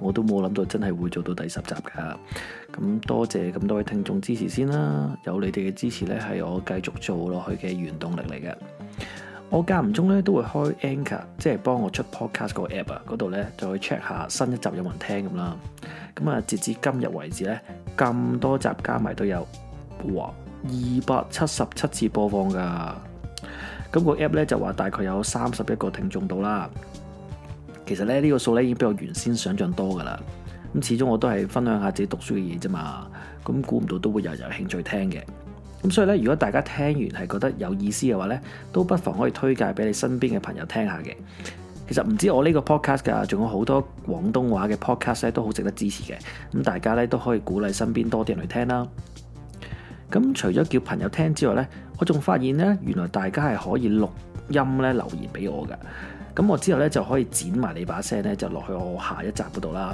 我都冇諗到真係會做到第十集㗎，咁多謝咁多位聽眾支持先啦，有你哋嘅支持呢，係我繼續做落去嘅原動力嚟嘅。我間唔中呢，都會開 Anchor，即係幫我出 Podcast 個 App 啊，嗰度呢，就去 check 下新一集有冇人聽咁啦。咁啊，截至今日為止呢，咁多集加埋都有，哇二百七十七次播放㗎。咁個 App 呢，就話大概有三十一個聽眾到啦。其實咧，呢個數咧已經比我原先想象多噶啦。咁始終我都係分享下自己讀書嘅嘢啫嘛。咁估唔到都會有人有興趣聽嘅。咁所以咧，如果大家聽完係覺得有意思嘅話咧，都不妨可以推介俾你身邊嘅朋友聽下嘅。其實唔知我呢個 podcast 噶，仲有好多廣東話嘅 podcast 咧，都好值得支持嘅。咁大家咧都可以鼓勵身邊多啲人去聽啦。咁除咗叫朋友聽之外咧，我仲發現咧，原來大家係可以錄音咧留言俾我噶。咁我之後咧就可以剪埋你把聲咧，就落去我下一集嗰度啦。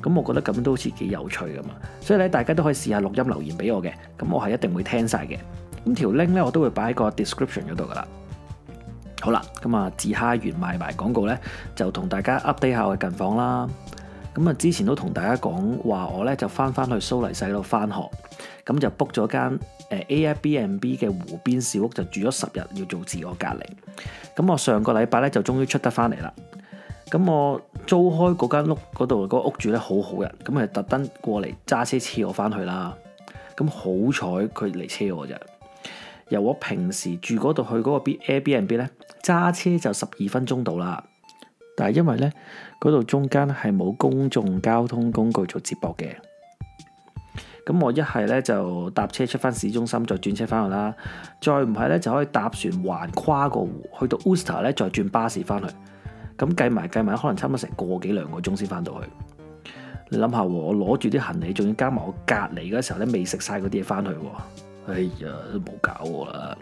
咁我覺得咁都好似幾有趣噶嘛，所以咧大家都可以試下錄音留言俾我嘅。咁我係一定會聽晒嘅。咁條 link 咧我都會擺喺個 description 嗰度噶啦。好啦，咁啊自嗨完賣埋廣告咧，就同大家 update 下我近況啦。咁啊，之前都同大家講話，我咧就翻翻去蘇黎世嗰度翻學，咁就 book 咗間誒 Airbnb 嘅湖邊小屋，就住咗十日，要做自我隔離。咁我上個禮拜咧就終於出得翻嚟啦。咁我租開嗰間屋嗰度嗰個屋主咧好好人，咁係特登過嚟揸車車我翻去啦。咁好彩佢嚟車我啫。由我平時住嗰度去嗰個 Airbnb 咧，揸車就十二分鐘到啦。但係因為咧，嗰度中間係冇公眾交通工具做接駁嘅，咁我一係咧就搭車出翻市中心，再轉車翻去啦；再唔係咧，就可以搭船橫跨個湖去到 Uster 咧，再轉巴士翻去。咁計埋計埋，可能差唔多成個幾兩個鐘先翻到去。你諗下，我攞住啲行李，仲要加埋我隔離嗰時候咧，未食晒嗰啲嘢翻去。哎呀，都冇搞我啦！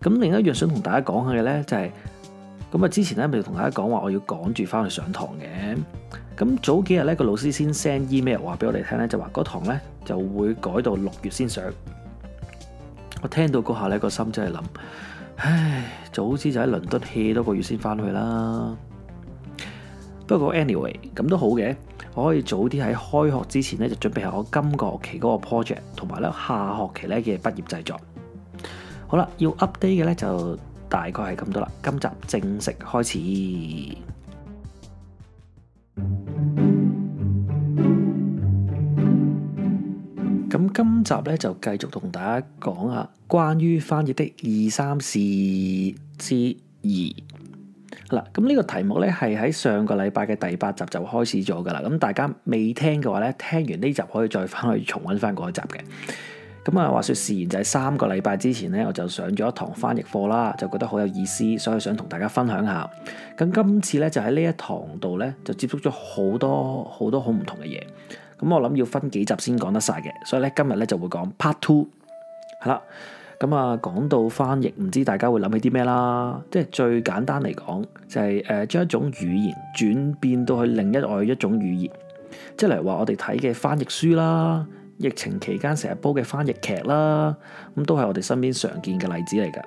咁另一樣想同大家講下嘅咧，就係、是。咁啊，之前咧咪同大家講話，我要趕住翻去上堂嘅。咁早幾日咧，個老師先 send email 話俾我哋聽咧，就話嗰堂咧就會改到六月先上。我聽到嗰下咧，個心真係諗，唉，早知就喺倫敦歇多個月先翻去啦。不過 anyway，咁都好嘅，我可以早啲喺開學之前咧就準備下我今個學期嗰個 project，同埋咧下學期咧嘅畢業製作。好啦，要 update 嘅咧就。大概係咁多啦，今集正式開始。咁今集咧就繼續同大家講下關於翻譯的二三事之二。嗱，咁、嗯、呢個題目咧係喺上個禮拜嘅第八集就開始咗噶啦。咁大家未聽嘅話咧，聽完呢集可以再翻去重温翻嗰一集嘅。咁啊，話說事緣就係三個禮拜之前咧，我就上咗一堂翻譯課啦，就覺得好有意思，所以想同大家分享下。咁今次咧就喺呢一堂度咧，就接觸咗好多好多好唔同嘅嘢。咁我諗要分幾集先講得晒嘅，所以咧今日咧就會講 part two。係啦，咁啊講到翻譯，唔知大家會諗起啲咩啦？即係最簡單嚟講，就係誒將一種語言轉變到去另一外一種語言，即係例如話我哋睇嘅翻譯書啦。疫情期間成日煲嘅翻譯劇啦，咁都係我哋身邊常見嘅例子嚟噶。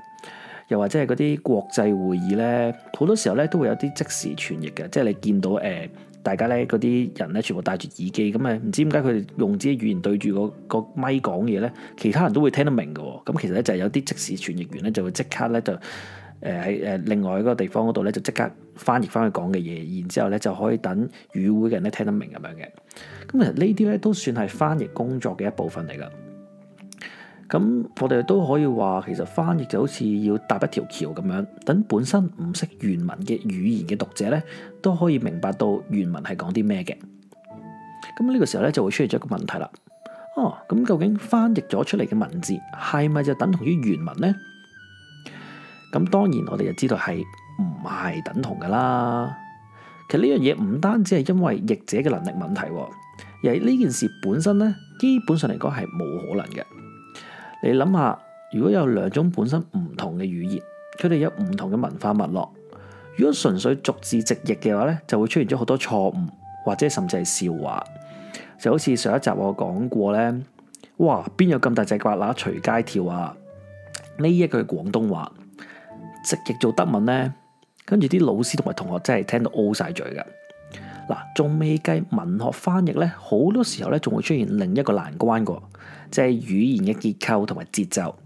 又或者係嗰啲國際會議咧，好多時候咧都會有啲即時傳譯嘅，即係你見到誒、呃、大家咧嗰啲人咧全部戴住耳機咁啊，唔知點解佢哋用自己語言對住個咪麥講嘢咧，其他人都會聽得明嘅。咁其實咧就係有啲即時傳譯員咧就會即刻咧就誒喺誒另外嗰個地方嗰度咧就即刻。翻譯翻去講嘅嘢，然之後咧就可以等與會嘅人咧聽得明咁樣嘅。咁其實呢啲咧都算係翻譯工作嘅一部分嚟噶。咁、嗯、我哋都可以話，其實翻譯就好似要搭一條橋咁樣，等本身唔識原文嘅語言嘅讀者咧，都可以明白到原文係講啲咩嘅。咁、嗯、呢、這個時候呢個時候咧就會出現咗一個問題啦。哦、啊、咁、嗯、究竟翻譯咗出嚟嘅文字係咪就等同於原文呢？咁、嗯、當然我哋就知道係。唔係等同噶啦，其實呢樣嘢唔單止係因為譯者嘅能力問題，而係呢件事本身咧，基本上嚟講係冇可能嘅。你諗下，如果有兩種本身唔同嘅語言，佢哋有唔同嘅文化脈絡，如果純粹逐字直譯嘅話咧，就會出現咗好多錯誤或者甚至係笑話。就好似上一集我講過咧，哇，邊有咁大隻蛤乸隨街跳啊？呢一句廣東話，直譯做德文咧。跟住啲老師同埋同學真係聽到 O 晒嘴噶，嗱，仲未計文學翻譯咧，好多時候咧仲會出現另一個難關㗎，即係語言嘅結構同埋節奏，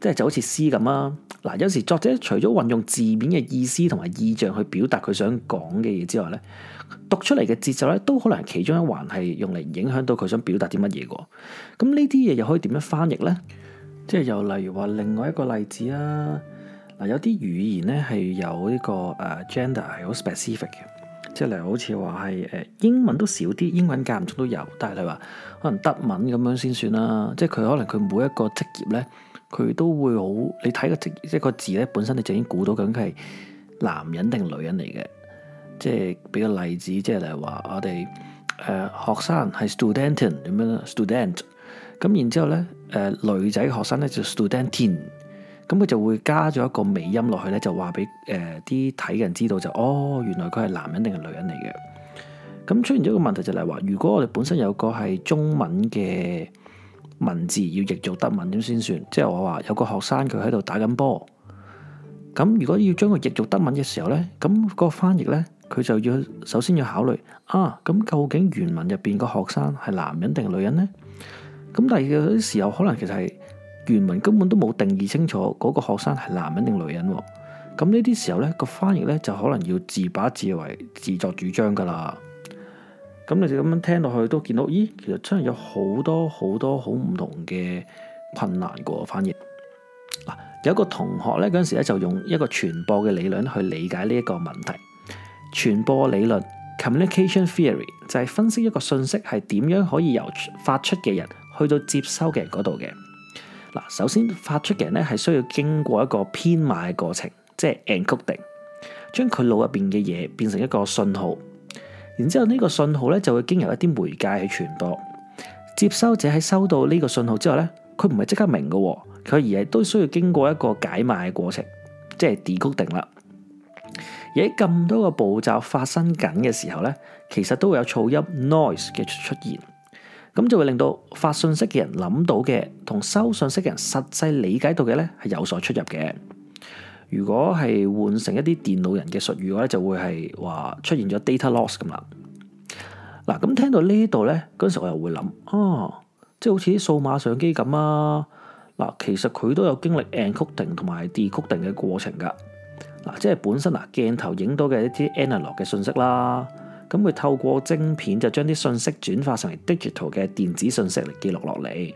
即係就好似詩咁啊，嗱，有時作者除咗運用字面嘅意思同埋意象去表達佢想講嘅嘢之外咧，讀出嚟嘅節奏咧都可能其中一環係用嚟影響到佢想表達啲乜嘢㗎，咁呢啲嘢又可以點樣翻譯咧？即係又例如話另外一個例子啊。有啲語言咧係有呢、呢個誒、uh, gender 係好 specific 嘅，即係例如好似話係誒英文都少啲，英文間唔中都有，但係你話可能德文咁樣先算啦、啊。即係佢可能佢每一個職業咧，佢都會好你睇、那個職業即係個字咧，本身你就已經估到緊係男人定女人嚟嘅。即係俾個例子，即係例如話我哋誒、uh, 學生係 studentin 點樣 student 咁，然之後咧誒、uh, 女仔學生咧就 studentin。咁佢就會加咗一個尾音落去咧，就話俾誒啲睇嘅人知道就哦，原來佢係男人定係女人嚟嘅。咁出現咗一個問題就係話，如果我哋本身有個係中文嘅文字要譯做德文點先算？即係我話有個學生佢喺度打緊波，咁如果要將佢譯做德文嘅時候咧，咁個翻譯咧佢就要首先要考慮啊，咁究竟原文入邊個學生係男人定係女人咧？咁但係有啲時候可能其實係。原文根本都冇定義清楚嗰個學生係男人定女人喎，咁呢啲時候咧，個翻譯咧就可能要自把自為、自作主張噶啦。咁你哋咁樣聽落去都見到，咦，其實真係有好多好多好唔同嘅困難個翻譯、啊、有一個同學咧嗰陣時咧就用一個傳播嘅理論去理解呢一個問題。傳播理論 （communication theory） 就係分析一個信息係點樣可以由發出嘅人去到接收嘅人嗰度嘅。嗱，首先發出嘅人咧係需要經過一個編碼嘅過程，即係 encoding，將佢腦入邊嘅嘢變成一個信號。然之後呢個信號咧就會經由一啲媒介去傳播。接收者喺收到呢個信號之後咧，佢唔係即刻明嘅，佢而係都需要經過一個解碼嘅過程，即係 decoding 啦。而喺咁多個步驟發生緊嘅時候咧，其實都會有噪音 noise 嘅出現。咁就會令到發信息嘅人諗到嘅，同收信息嘅人實際理解到嘅咧，係有所出入嘅。如果係換成一啲電腦人嘅術語嘅話咧，就會係話出現咗 data loss 咁啦。嗱，咁聽到呢度咧，嗰陣時我又會諗，啊，即係好似啲數碼相機咁啊。嗱，其實佢都有經歷 encoding 同埋 decoding 嘅過程㗎。嗱，即係本身嗱鏡頭影到嘅一啲 analog 嘅信息啦。咁佢透過晶片就將啲信息轉化成為 digital 嘅電子信息嚟記錄落嚟。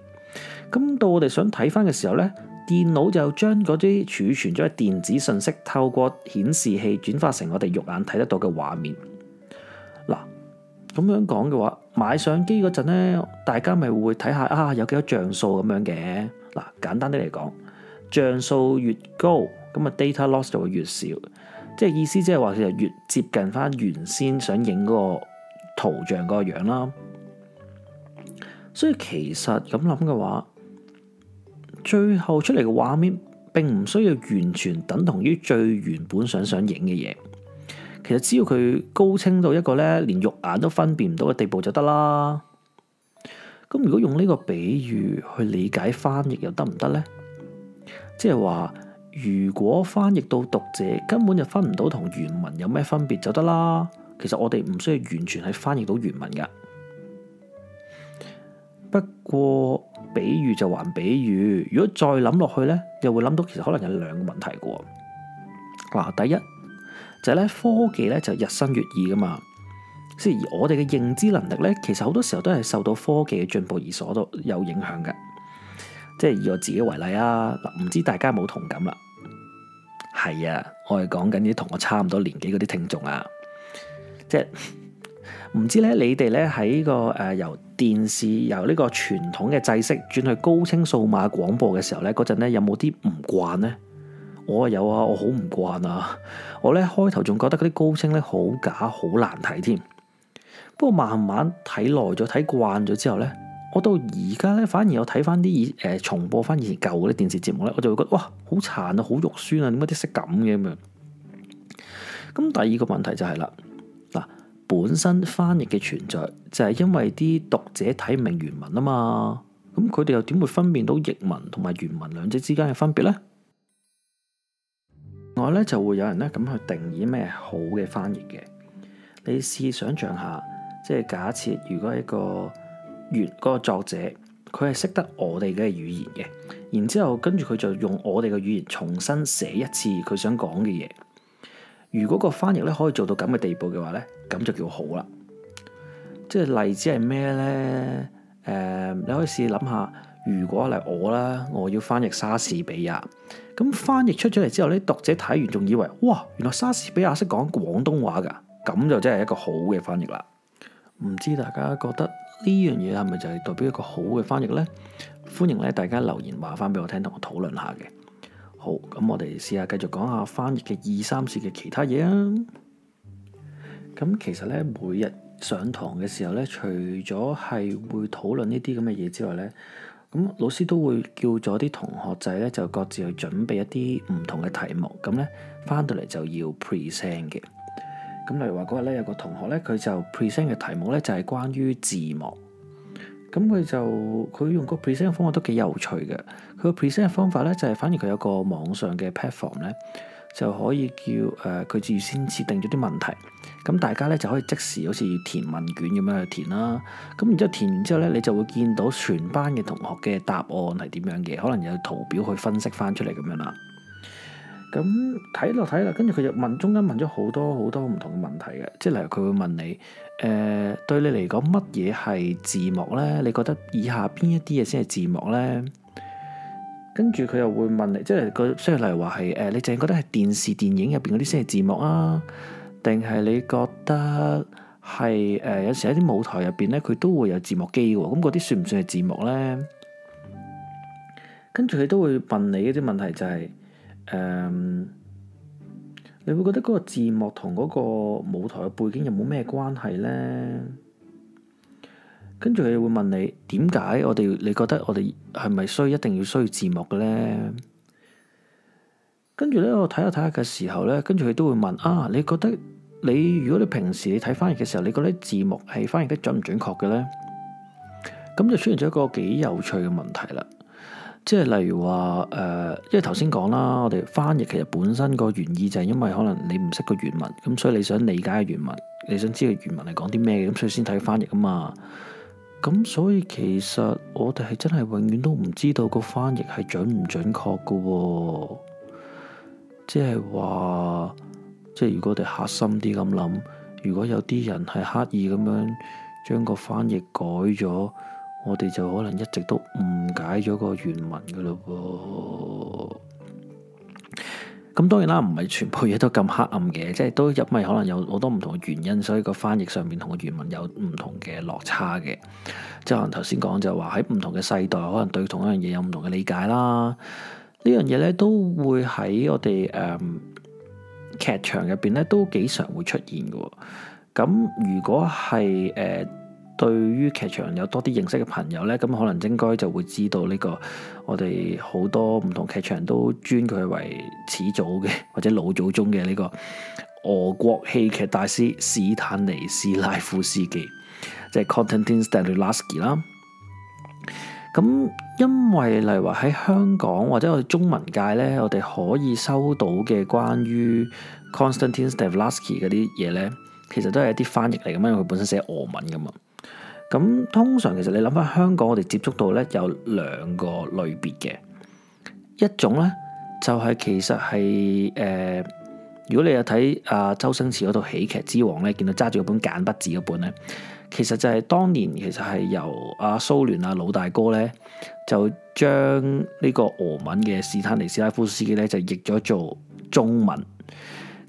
咁到我哋想睇翻嘅時候咧，電腦就將嗰啲儲存咗嘅電子信息透過顯示器轉化成我哋肉眼睇得到嘅畫面。嗱，咁樣講嘅話，買相機嗰陣咧，大家咪會睇下啊，有幾多像素咁樣嘅。嗱，簡單啲嚟講，像素越高，咁啊 data loss 就會越少。即係意思，即係話其實越接近翻原先想影嗰個圖像個樣啦。所以其實咁諗嘅話，最後出嚟嘅畫面並唔需要完全等同於最原本想想影嘅嘢。其實只要佢高清到一個咧，連肉眼都分辨唔到嘅地步就得啦。咁如果用呢個比喻去理解翻譯又得唔得呢？即係話。如果翻譯到讀者根本就分唔到同原文有咩分別就得啦。其實我哋唔需要完全係翻譯到原文噶。不過比喻就還比喻，如果再諗落去呢，又會諗到其實可能有兩個問題噶。嗱、啊，第一就係、是、咧科技咧就是、日新月異噶嘛，即係我哋嘅認知能力呢，其實好多時候都係受到科技嘅進步而所到有影響嘅。即係以我自己為例啊，嗱，唔知大家冇同感啦？係啊，我係講緊啲同我差唔多年紀嗰啲聽眾啊，即係唔知咧、這個，你哋咧喺個誒由電視由呢個傳統嘅制式轉去高清數碼廣播嘅時候咧，嗰陣咧有冇啲唔慣咧？我話有啊，我好唔慣啊，我咧開頭仲覺得嗰啲高清咧好假好難睇添，不過慢慢睇耐咗睇慣咗之後咧。我到而家咧，反而有睇翻啲以誒重播翻以前舊嗰啲電視節目咧，我就會覺得哇，好殘啊，好肉酸啊，點解啲識咁嘅咁樣？咁第二個問題就係啦，嗱，本身翻譯嘅存在就係因為啲讀者睇唔明原文啊嘛，咁佢哋又點會分辨到譯文同埋原文兩者之間嘅分別呢？另外咧就會有人咧咁去定義咩好嘅翻譯嘅？你試想像下，即係假設如果係一個原個作者佢係識得我哋嘅語言嘅，然之後跟住佢就用我哋嘅語言重新寫一次佢想講嘅嘢。如果個翻譯咧可以做到咁嘅地步嘅話咧，咁就叫好啦。即係例子係咩咧？誒、呃，你可以試諗下，如果係我啦，我要翻譯莎士比亞，咁翻譯出咗嚟之後咧，讀者睇完仲以為哇，原來莎士比亞識講廣東話㗎，咁就真係一個好嘅翻譯啦。唔知大家覺得？呢樣嘢係咪就係代表一個好嘅翻譯呢？歡迎咧大家留言話翻俾我聽，同我討論下嘅。好，咁我哋試下繼續講下翻譯嘅二三事嘅其他嘢啊。咁其實咧，每日上堂嘅時候咧，除咗係會討論呢啲咁嘅嘢之外咧，咁老師都會叫咗啲同學仔咧，就各自去準備一啲唔同嘅題目，咁咧翻到嚟就要 present 嘅。咁例如話嗰日咧，有個同學咧，佢就 present 嘅題目咧就係關於字幕，咁佢就佢用個 present 嘅方法都幾有趣嘅。佢個 present 嘅方法咧就係反而佢有個網上嘅 platform 咧，就可以叫誒佢事先設定咗啲問題，咁大家咧就可以即時好似填問卷咁樣去填啦。咁然之後填完之後咧，你就會見到全班嘅同學嘅答案係點樣嘅，可能有圖表去分析翻出嚟咁樣啦。咁睇落睇啦，跟住佢就問，中間問咗好多好多唔同嘅問題嘅，即係例如佢會問你，誒、呃、對你嚟講乜嘢係字幕咧？你覺得以下邊一啲嘢先係字幕咧？跟住佢又會問你，即係個，即係例如話係，誒、呃、你淨係覺得係電視電影入邊嗰啲先係字幕啊？定係你覺得係誒、呃、有時喺啲舞台入邊咧，佢都會有字幕機喎，咁嗰啲算唔算係字幕咧？跟住佢都會問你一啲問題、就係，就係。誒，um, 你會覺得嗰個字幕同嗰個舞台嘅背景有冇咩關係呢？跟住佢會問你，點解我哋你覺得我哋係咪需一定要需要需要字幕嘅呢？跟住呢，我睇下睇下嘅時候呢，跟住佢都會問「啊，你覺得你如果你平時你睇翻譯嘅時候，你覺得字幕係翻譯得準唔準確嘅呢？」咁就出現咗一個幾有趣嘅問題啦。即係例如話誒、呃，因為頭先講啦，我哋翻譯其實本身個原意就係因為可能你唔識個原文，咁所以你想理解個原文，你想知個原文係講啲咩嘅，咁所以先睇翻譯啊嘛。咁所以其實我哋係真係永遠都唔知道個翻譯係準唔準確噶、哦就是。即係話，即係如果我哋黑心啲咁諗，如果有啲人係刻意咁樣將個翻譯改咗。我哋就可能一直都誤解咗個原文噶咯噃，咁當然啦，唔係全部嘢都咁黑暗嘅，即係都因為可能有好多唔同嘅原因，所以個翻譯上面同個原文有唔同嘅落差嘅。即係可能頭先講就話喺唔同嘅世代，可能對同一樣嘢有唔同嘅理解啦。樣呢樣嘢咧都會喺我哋誒劇場入邊咧都幾常會出現嘅。咁如果係誒。呃對於劇場有多啲認識嘅朋友咧，咁可能應該就會知道呢個我哋好多唔同劇場都尊佢為始祖嘅，或者老祖宗嘅呢個俄國戲劇大師史坦尼斯拉夫斯基， 即係 Konstantin Stanislavski 啦。咁因為例如話喺香港或者我哋中文界咧，我哋可以收到嘅關於 Konstantin Stanislavski 嗰啲嘢咧，其實都係一啲翻譯嚟嘅嘛，因為佢本身寫俄文噶嘛。咁通常其實你諗翻香港，我哋接觸到咧，有兩個類別嘅，一種咧就係、是、其實係誒、呃，如果你有睇阿周星馳嗰套喜劇之王咧，見到揸住本簡筆字嗰本咧，其實就係當年其實係由阿蘇聯啊老大哥咧，就將呢個俄文嘅斯坦尼斯拉夫斯基咧就譯咗做中文。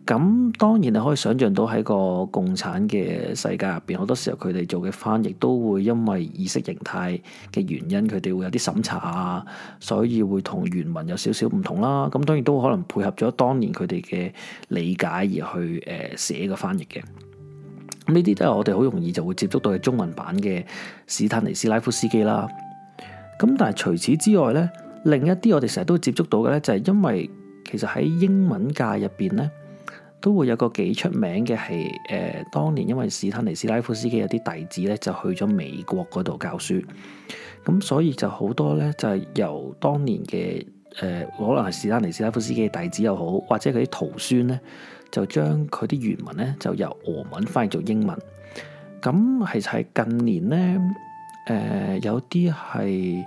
咁當然你可以想象到喺個共產嘅世界入邊，好多時候佢哋做嘅翻譯都會因為意識形態嘅原因，佢哋會有啲審查啊，所以會同原文有少少唔同啦。咁當然都可能配合咗當年佢哋嘅理解而去誒寫個翻譯嘅。咁呢啲都係我哋好容易就會接觸到嘅中文版嘅史坦尼斯拉夫斯基啦。咁但係除此之外咧，另一啲我哋成日都會接觸到嘅咧，就係因為其實喺英文界入邊咧。都會有個幾出名嘅係誒，當年因為史坦尼斯拉夫斯基有啲弟子咧，就去咗美國嗰度教書，咁所以就好多咧就係由當年嘅誒、呃，可能係史坦尼斯拉夫斯基嘅弟子又好，或者佢啲徒孫咧，就將佢啲原文咧就由俄文翻譯做英文。咁其實係近年咧誒、呃，有啲係。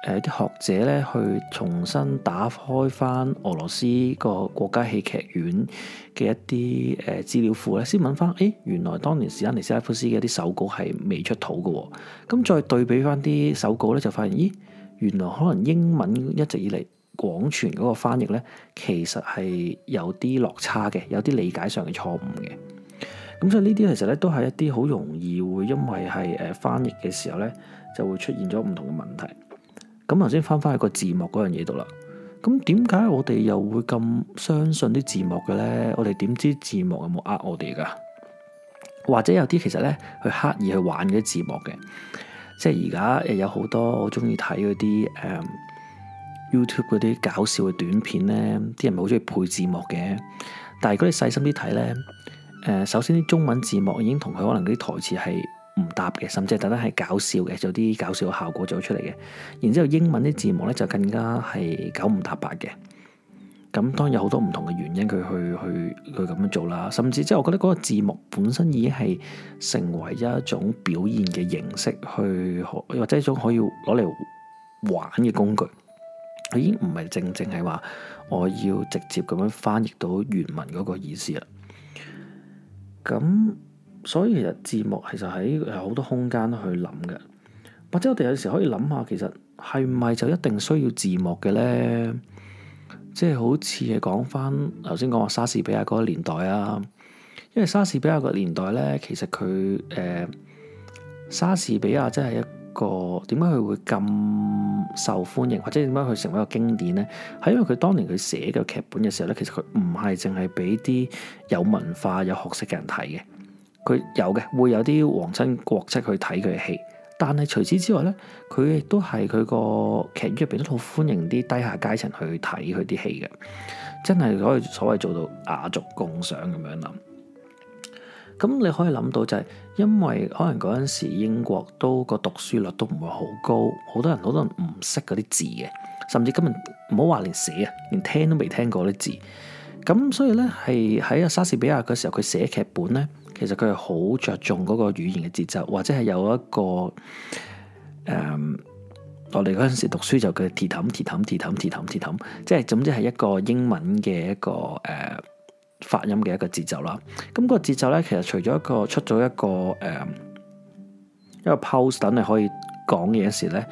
誒啲學者咧，去重新打開翻俄羅斯個國家戲劇院嘅一啲誒資料庫咧，先問翻，誒原來當年史丹尼斯拉夫斯嘅一啲手稿係未出土嘅、哦。咁再對比翻啲手稿咧，就發現，咦原來可能英文一直以嚟廣傳嗰個翻譯咧，其實係有啲落差嘅，有啲理解上嘅錯誤嘅。咁所以呢啲其實咧都係一啲好容易會因為係誒翻譯嘅時候咧，就會出現咗唔同嘅問題。咁頭先翻翻去個字幕嗰樣嘢度啦，咁點解我哋又會咁相信啲字幕嘅咧？我哋點知字幕有冇呃我哋㗎？或者有啲其實咧，佢刻意去玩嗰啲字幕嘅，即係而家誒有好多我中意睇嗰啲誒 YouTube 嗰啲搞笑嘅短片咧，啲人咪好中意配字幕嘅。但係如果你細心啲睇咧，誒、呃、首先啲中文字幕已經同佢可能啲台詞係，唔搭嘅，甚至係特登係搞笑嘅，有啲搞笑效果做出嚟嘅。然之後英文啲字幕咧就更加係九唔搭八嘅。咁當然有好多唔同嘅原因，佢去去去咁樣做啦。甚至即係我覺得嗰個字幕本身已經係成為一種表現嘅形式去，又或者係一種可以攞嚟玩嘅工具。佢已經唔係正正係話我要直接咁樣翻譯到原文嗰個意思啦。咁。所以其實字幕其實喺好多空間去諗嘅，或者我哋有時可以諗下，其實係唔係就一定需要字幕嘅咧？即係好似係講翻頭先講話莎士比亞嗰個年代啊，因為莎士比亞個年代咧，其實佢誒莎士比亞真係一個點解佢會咁受歡迎，或者點解佢成為一個經典咧？係因為佢當年佢寫嘅劇本嘅時候咧，其實佢唔係淨係俾啲有文化有學識嘅人睇嘅。佢有嘅，會有啲皇親國戚去睇佢嘅戲，但係除此之外咧，佢亦都係佢個劇入邊都好歡迎啲低下階層去睇佢啲戲嘅。真係可以所謂做到雅俗共賞咁樣諗。咁你可以諗到就係因為可能嗰陣時英國都個讀書率都唔會好高，好多人好多人唔識嗰啲字嘅，甚至根本唔好話連寫啊，連聽都未聽過啲字。咁所以咧係喺啊莎士比亞嘅時候，佢寫劇本咧。其實佢係好着重嗰個語言嘅節奏，或者係有一個誒、呃，我哋嗰陣時讀書就叫「鐵氹鐵氹鐵氹鐵氹鐵氹」，即係總之係一個英文嘅一個誒、呃、發音嘅一個節奏啦。咁、嗰個節奏咧，其實除咗一個出咗一個誒、呃、一個 post 等你可以講嘢時咧，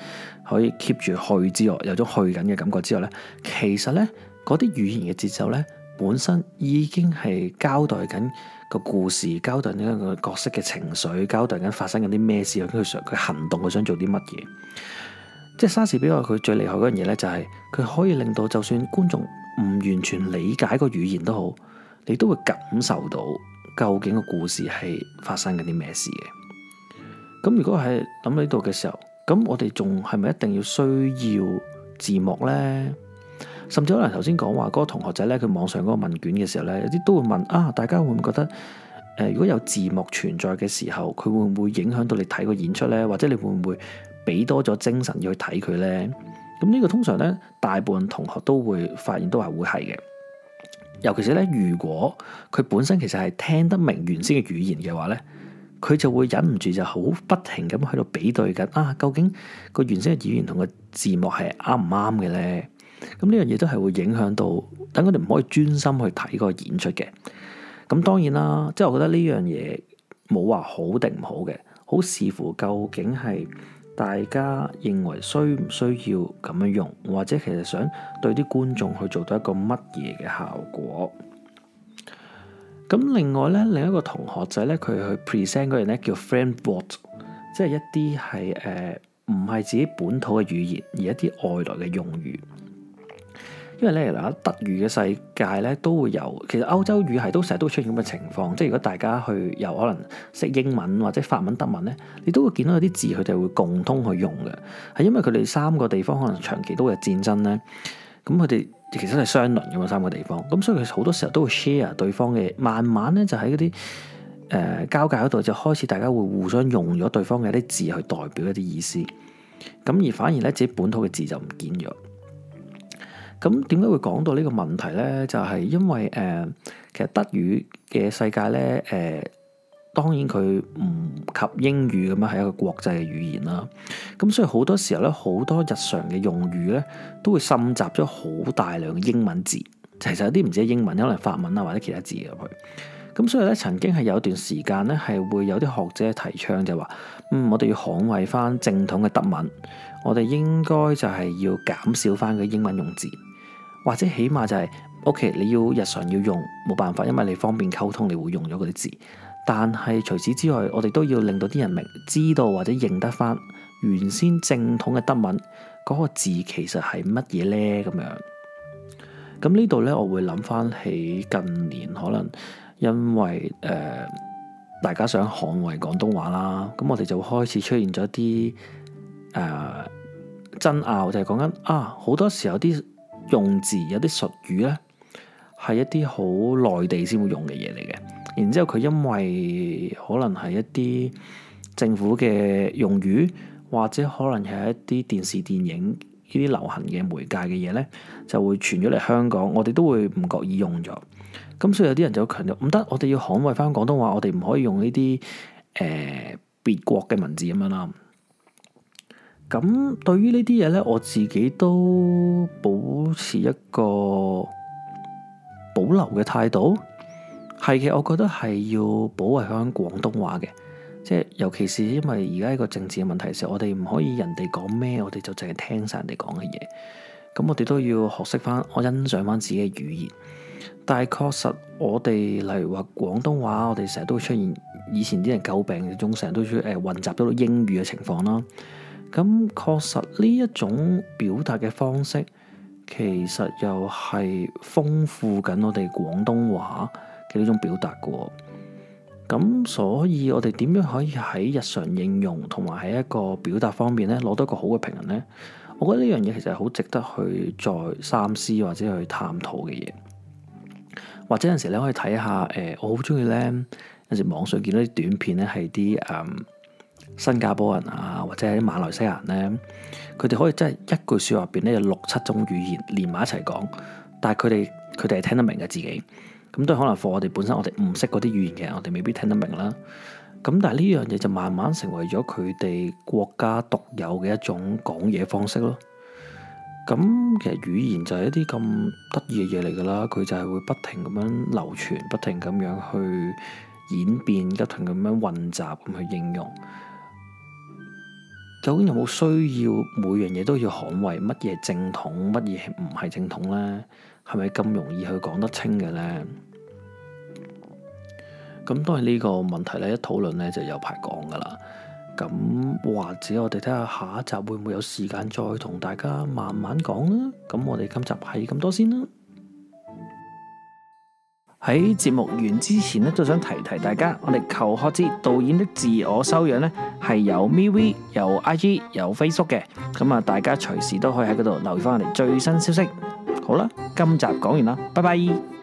可以 keep 住去之外，有種去緊嘅感覺之外咧，其實咧嗰啲語言嘅節奏咧，本身已經係交代緊。個故事交代緊個角色嘅情緒，交代緊發生緊啲咩事，佢想佢行動，佢想做啲乜嘢？即係莎士比亞佢最厲害嗰樣嘢咧，就係佢可以令到就算觀眾唔完全理解個語言都好，你都會感受到究竟個故事係發生緊啲咩事嘅。咁如果係諗到呢度嘅時候，咁我哋仲係咪一定要需要字幕咧？甚至可能頭先講話嗰個同學仔咧，佢網上嗰個問卷嘅時候咧，有啲都會問啊，大家會唔會覺得誒、呃，如果有字幕存在嘅時候，佢會唔會影響到你睇個演出咧？或者你會唔會俾多咗精神要去睇佢咧？咁呢個通常咧，大部分同學都會發現都係會係嘅。尤其是咧，如果佢本身其實係聽得明原先嘅語言嘅話咧，佢就會忍唔住就好不停咁喺度比對緊啊，究竟個原先嘅語言同個字幕係啱唔啱嘅咧？咁呢樣嘢都係會影響到，等佢哋唔可以專心去睇個演出嘅。咁當然啦，即係我覺得呢樣嘢冇話好定唔好嘅，好視乎究竟係大家認為需唔需要咁樣用，或者其實想對啲觀眾去做到一個乜嘢嘅效果。咁另外咧，另一個同學仔咧，佢去 present 嗰樣咧，叫 foreign words，即係一啲係誒唔係自己本土嘅語言，而一啲外來嘅用語。因為咧，嗱德語嘅世界咧都會有，其實歐洲語系都成日都會出現咁嘅情況，即係如果大家去又可能識英文或者法文德文咧，你都會見到有啲字佢哋會共通去用嘅，係因為佢哋三個地方可能長期都有戰爭咧，咁佢哋其實係相鄰嘅三個地方，咁所以佢好多時候都會 share 對方嘅，慢慢咧就喺嗰啲誒交界嗰度就開始大家會互相用咗對方嘅一啲字去代表一啲意思，咁而反而咧自己本土嘅字就唔見咗。咁點解會講到呢個問題咧？就係、是、因為誒、呃，其實德語嘅世界咧，誒、呃、當然佢唔及英語咁樣係一個國際嘅語言啦。咁所以好多時候咧，好多日常嘅用語咧，都會滲雜咗好大量嘅英文字。其實有啲唔止英文，可能法文啊或者其他字入去。咁所以咧，曾經係有一段時間咧，係會有啲學者提倡就話，咁、嗯、我哋要捍衞翻正統嘅德文，我哋應該就係要減少翻佢英文用字。或者起碼就係，OK，你要日常要用冇辦法，因為你方便溝通，你會用咗嗰啲字。但係除此之外，我哋都要令到啲人明知道或者認得翻原先正統嘅德文嗰個字其實係乜嘢咧？咁樣，咁呢度咧，我會諗翻起近年可能因為誒大家想捍衞廣東話啦，咁我哋就會開始出現咗啲誒爭拗，就係講緊啊好多時候啲用字有啲術語咧，係一啲好內地先會用嘅嘢嚟嘅。然之後佢因為可能係一啲政府嘅用語，或者可能係一啲電視電影呢啲流行嘅媒介嘅嘢咧，就會傳咗嚟香港。我哋都會唔覺意用咗。咁所以有啲人就強調唔得，我哋要捍衞翻廣東話，我哋唔可以用呢啲誒別國嘅文字咁樣啦。咁對於呢啲嘢呢，我自己都保持一個保留嘅態度。係嘅，我覺得係要保衞佢廣東話嘅，即係尤其是因為而家一個政治嘅問題時，時我哋唔可以人哋講咩，我哋就淨係聽晒人哋講嘅嘢。咁我哋都要學識翻，我欣賞翻自己嘅語言。但係確實我，我哋例如話廣東話，我哋成日都會出現以前啲人詬病，仲成日都出混雜到英語嘅情況啦。咁確實呢一種表達嘅方式，其實又係豐富緊我哋廣東話嘅呢種表達嘅。咁所以，我哋點樣可以喺日常應用同埋喺一個表達方面咧，攞到一個好嘅評論咧？我覺得呢樣嘢其實係好值得去再三思或者去探討嘅嘢。或者有陣時你可以睇下誒、呃，我好中意咧，有陣時網上見到啲短片咧，係啲誒。新加坡人啊，或者係馬來西亞人咧，佢哋可以真係一句説話入邊咧，有六七種語言連埋一齊講，但係佢哋佢哋係聽得明嘅自己，咁都係可能課我哋本身我哋唔識嗰啲語言嘅，我哋未必聽得明啦。咁但係呢樣嘢就慢慢成為咗佢哋國家獨有嘅一種講嘢方式咯。咁、嗯、其實語言就係一啲咁得意嘅嘢嚟㗎啦，佢就係會不停咁樣流傳，不停咁樣去演變，不停咁樣混雜咁去應用。究竟有冇需要每樣嘢都要捍衛？乜嘢正統，乜嘢唔係正統呢？係咪咁容易去講得清嘅呢？咁當然呢個問題咧，一討論咧就有排講噶啦。咁或者我哋睇下下一集會唔會有時間再同大家慢慢講啦。咁我哋今集係咁多先啦。喺節目完之前咧，都想提提大家，我哋求學節導演的自我修養咧，係有 WeChat、有 IG、有飛速嘅，咁啊，大家隨時都可以喺嗰度留意翻我哋最新消息。好啦，今集講完啦，拜拜。